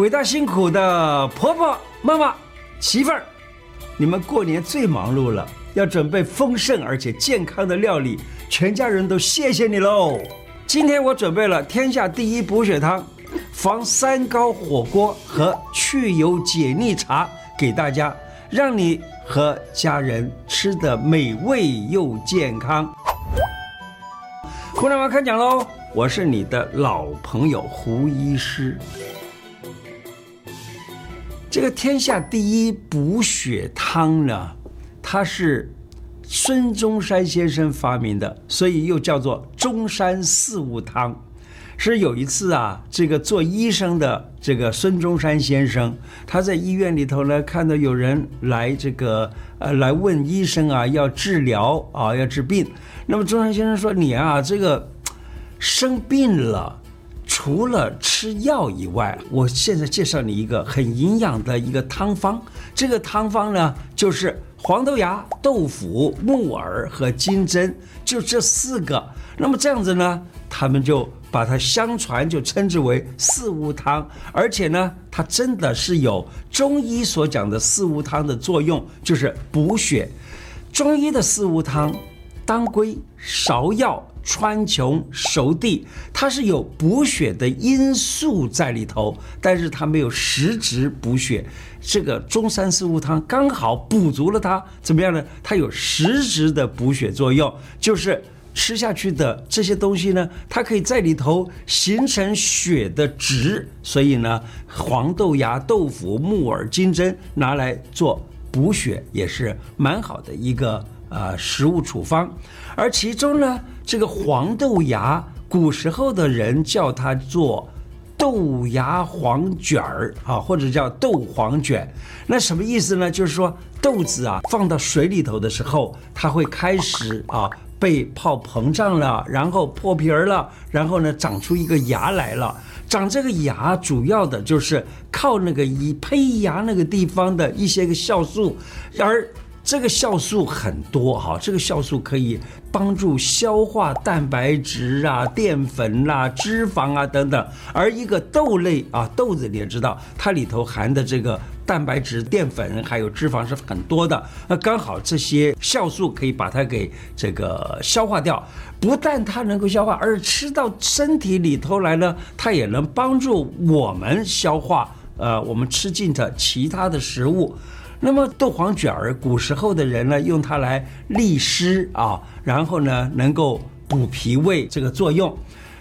偉大辛苦的婆婆、媽媽、媳婦兒，你們過年最忙碌了，要準備豐盛而且健康的料理，全家人都謝謝你嘍。今天我準備了天下第一補血湯、防三高火鍋和去油解膩茶給大家，讓你和家人吃得美味又健康。胡乃文開講嘍！我是你的老朋友胡醫師。這個天下第一補血湯呢，它是孫中山先生發明的，所以又叫做中山四物湯。是有一次啊，這個做醫生的這個孫中山先生，他在醫院裡頭呢，看到有人來這個呃，來問醫生啊，要治療啊，呃，要治病。那麼中山先生說：“你啊，這個，呃，生病了。”除了吃藥以外，我現在介紹你一個很營養的一個湯方。這個湯方呢，就是黃豆芽、豆腐、木耳和金針，就這四個。那麼這樣子呢，他們就把它相傳就稱之為四物湯。而且呢，它真的是有中醫所講的四物湯的作用，就是補血。中醫的四物湯。當歸、芍藥、川芎、熟地，它是有補血的因素在裡頭，但是它沒有實質補血。這個中山四物湯剛好補足了它，怎麼樣呢？它有實質的補血作用，就是吃下去的這些東西呢，它可以在裡頭形成血的質。所以呢，黃豆芽、豆腐、木耳、金針拿來做補血也是蠻好的一個呃，食物處方，而其中呢，這個黃豆芽，古時候的人叫它做豆芽黃卷兒啊，或者叫豆黃卷。那什麼意思呢？就是說豆子啊，放到水裡頭的時候，它會開始啊被泡膨脹了，然後破皮兒了，然後呢長出一個芽來了。長這個芽主要的就是靠那個以胚芽那個地方的一些個酵素，而。這個酵素很多哈，這個酵素可以幫助消化蛋白質啊、澱粉啦、啊、脂肪啊等等。而一個豆類啊，豆子你也知道，它裡頭含的這個蛋白質、澱粉還有脂肪是很多的。那剛好這些酵素可以把它給這個消化掉。不但它能夠消化，而吃到身體裡頭來呢，它也能幫助我們消化。呃，我們吃進的其他的食物。那麼豆黃卷兒，古時候的人呢，用它來利濕啊，然後呢，能夠補脾胃這個作用。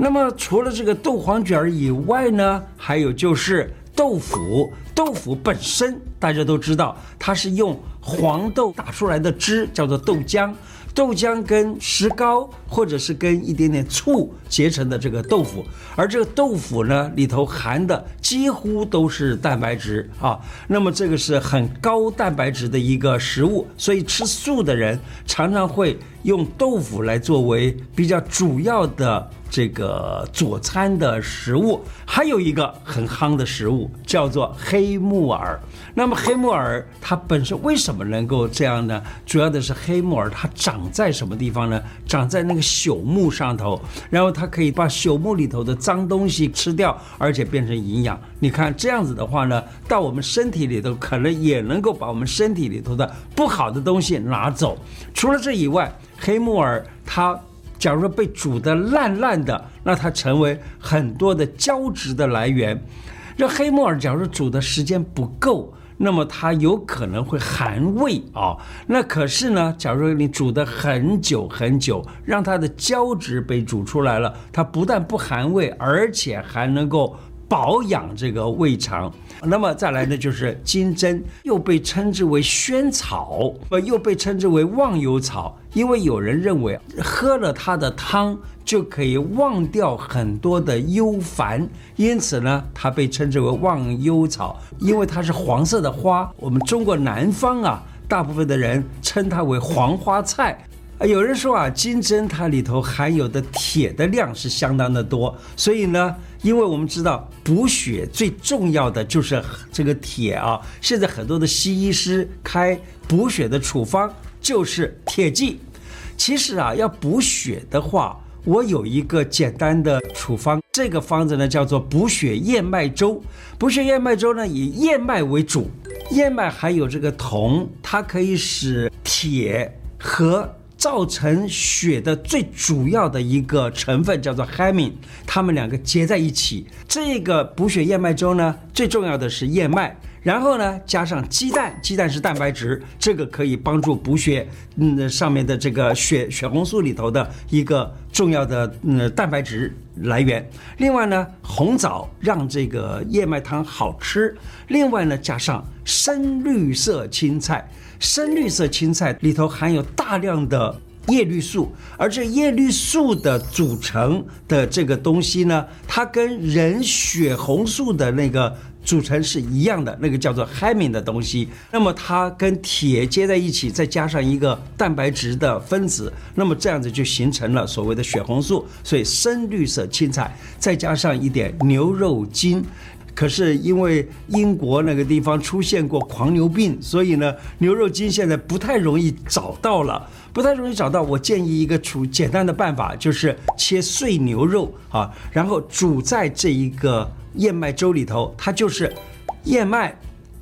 那麼除了這個豆黃卷兒以外呢，還有就是。豆腐，豆腐本身大家都知道，它是用黃豆打出來的汁，叫做豆漿。豆漿跟石膏，或者是跟一點點醋結成的這個豆腐，而這個豆腐呢，裡頭含的幾乎都是蛋白質啊。那麼這個是很高蛋白質的一個食物，所以吃素的人常常會用豆腐來作為比較主要的。這個佐餐的食物，還有一個很夯的食物叫做黑木耳。那麼黑木耳它本身為什麼能夠這樣呢？主要的是黑木耳它長在什麼地方呢？長在那個朽木上頭，然後它可以把朽木裡頭的髒東西吃掉，而且變成營養。你看這樣子的話呢，到我們身體裡頭可能也能夠把我們身體裡頭的不好的東西拿走。除了這以外，黑木耳它。假如被煮得爛爛的，那它成為很多的膠質的來源。這黑木耳假如煮的時間不夠，那麼它有可能會寒胃啊、哦。那可是呢，假如你煮得很久很久，讓它的膠質被煮出來了，它不但不寒胃，而且還能夠。保養這個胃腸，那麼再來呢，就是金針，又被稱之為萱草，又被稱之為忘憂草，因為有人認為喝了它的湯就可以忘掉很多的憂煩，因此呢，它被稱之為忘憂草，因為它是黃色的花。我們中國南方啊，大部分的人稱它為黃花菜。有人說啊，金針它裡頭含有的鐵的量是相當的多，所以呢。因為我們知道補血最重要的就是這個鐵啊，現在很多的西醫師開補血的處方就是鐵劑。其實啊，要補血的話，我有一個簡單的處方，這個方子呢，叫做補血燕麥粥。補血燕麥粥呢，以燕麥為主，燕麥含有這個銅，它可以使鐵和，造成血的最主要的一個成分叫做 hemin，它們兩個結在一起。這個補血燕麥粥呢，最重要的是燕麥，然後呢加上雞蛋，雞蛋是蛋白質，這個可以幫助補血，嗯，上面的這個血血紅素裡頭的一個重要的嗯蛋白質來源。另外呢，紅棗讓這個燕麥湯好吃，另外呢加上深綠色青菜。深綠色青菜裡頭含有大量的葉綠素，而這葉綠素的組成的這個東西呢，它跟人血紅素的那個組成是一樣的，那個叫做 hemin 的東西，那麼它跟鐵接在一起，再加上一個蛋白質的分子，那麼這樣子就形成了所謂的血紅素。所以深綠色青菜再加上一點牛肉精。可是因為英國那個地方出現過狂牛病，所以呢，牛肉精現在不太容易找到了，不太容易找到。我建議一個簡單的辦法，就是切碎牛肉啊，然後煮在這一個燕麥粥裡頭。它就是燕麥、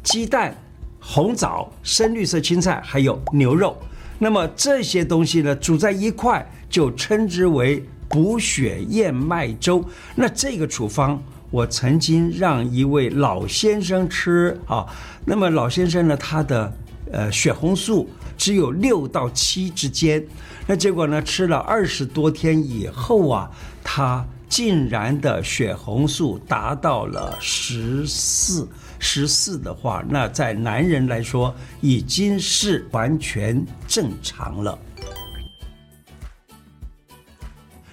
雞蛋、紅棗、深綠色青菜，還有牛肉。那麼這些東西呢，煮在一塊，就稱之為補血燕麥粥。那這個處方。我曾經讓一位老先生吃啊，那麼老先生呢，他的呃血紅素只有六到七之間，那結果呢，吃了二十多天以後啊，他竟然的血紅素達到了十四，十四的話，那在男人來說已經是完全正常了。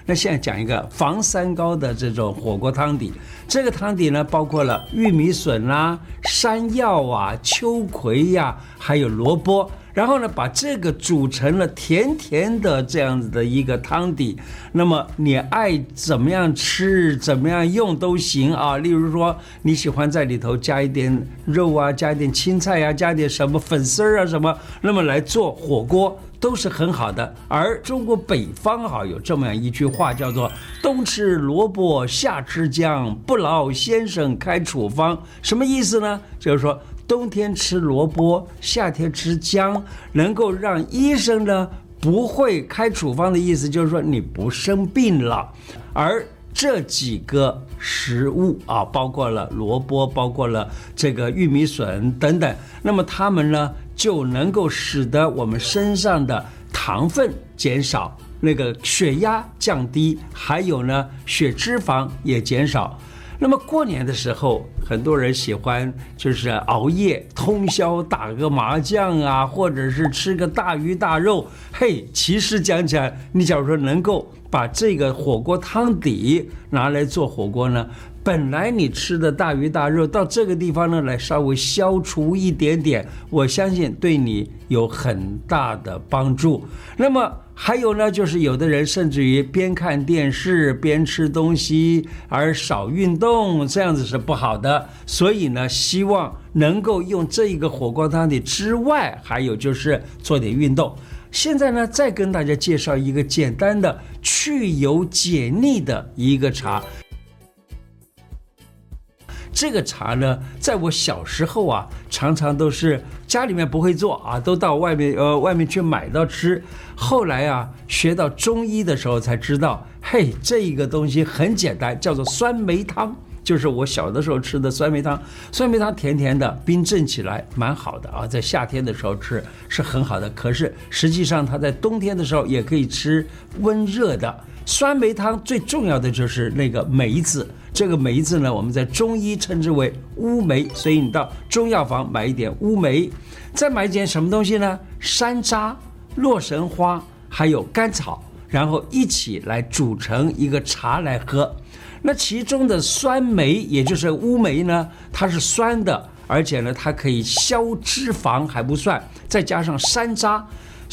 那現在講一個防三高的這種火鍋湯底，這個湯底呢，包括了玉米筍啊、山藥啊、秋葵呀、啊，還有蘿蔔。然後呢，把這個煮成了甜甜的這樣子的一個湯底，那麼你愛怎麼樣吃，怎麼樣用都行啊。例如說，你喜歡在裡頭加一點肉啊，加一點青菜啊，加一點什麼粉絲兒啊什麼，那麼來做火鍋都是很好的。而中國北方哈有這麼樣一句話，叫做“冬吃蘿蔔夏吃薑，不勞先生開處方”。什麼意思呢？就是說，冬天吃蘿蔔，夏天吃薑，能夠讓醫生呢不會開處方的意思，就是說你不生病了。而這幾個食物啊，包括了蘿蔔，包括了這個玉米筍等等，那麼它們呢就能夠使得我們身上的糖分減少，那個血壓降低，還有呢血脂肪也減少。那麼過年的時候，很多人喜歡就是熬夜通宵打個麻將啊，或者是吃個大魚大肉。嘿，其實講起來，你假如說能夠把這個火鍋湯底拿來做火鍋呢，本來你吃的大魚大肉到這個地方呢來稍微消除一點點，我相信對你有很大的幫助。那麼。還有呢，就是有的人甚至於邊看電視邊吃東西，而少運動，這樣子是不好的。所以呢，希望能夠用這一個火鍋湯底之外，還有就是做點運動。現在呢，再跟大家介紹一個簡單的去油解膩的一個茶。這個茶呢，在我小時候啊，常常都是家裡面不會做啊，都到外面呃外面去買到吃。後來啊，學到中醫的時候才知道，嘿，這一個東西很簡單，叫做酸梅湯，就是我小的時候吃的酸梅湯。酸梅湯甜甜的，冰鎮起來蠻好的啊，在夏天的時候吃是很好的。可是實際上，它在冬天的時候也可以吃溫熱的酸梅湯。最重要的就是那個梅子。這個梅子呢，我們在中醫稱之為烏梅，所以你到中藥房買一點烏梅，再買一點什麼東西呢？山楂、洛神花，還有甘草，然後一起來煮成一個茶來喝。那其中的酸梅，也就是烏梅呢，它是酸的，而且呢，它可以消脂肪，還不算，再加上山楂。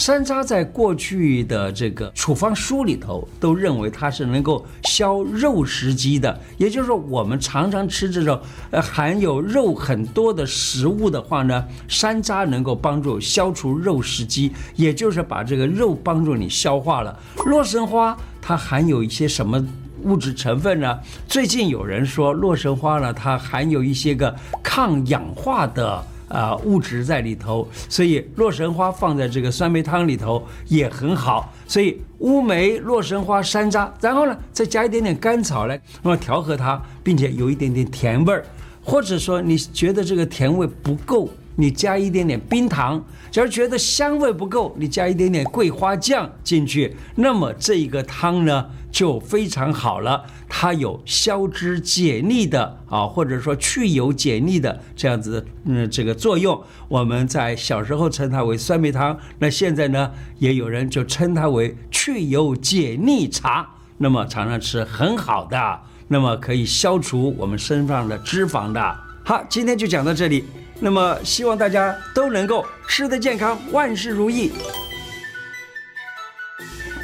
山楂在過去的這個處方書裡頭都認為它是能夠消肉食積的，也就是說，我們常常吃這種呃含有肉很多的食物的話呢，山楂能夠幫助消除肉食積，也就是把這個肉幫助你消化了。洛神花它含有一些什麼物質成分呢？最近有人說洛神花呢，它含有一些個抗氧化的。啊、呃，物質在裡頭，所以洛神花放在這個酸梅湯裡頭也很好。所以烏梅、洛神花、山楂，然後呢，再加一點點甘草來，那麼調和它，並且有一點點甜味兒，或者說你覺得這個甜味不夠。你加一點點冰糖，假如覺得香味不夠，你加一點點桂花醬進去，那麼這一個湯呢就非常好了。它有消脂解膩的啊，或者說去油解膩的這樣子，嗯，這個作用。我們在小時候稱它為酸梅湯，那現在呢，也有人就稱它為去油解膩茶。那麼常常吃很好的，那麼可以消除我們身上的脂肪的。好，今天就講到這裡。那麼，希望大家都能夠吃得健康，萬事如意。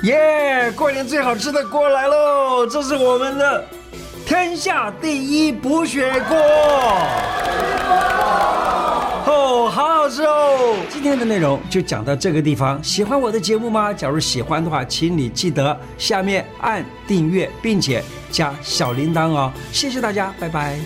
耶、yeah，過年最好吃的鍋來嘍！這是我們的天下第一補血鍋，哦、oh，好好吃哦！今天的內容就講到這個地方。喜歡我的節目嗎？假如喜歡的話，請你記得下面按訂閱，並且加小鈴鐺哦。謝謝大家，拜拜。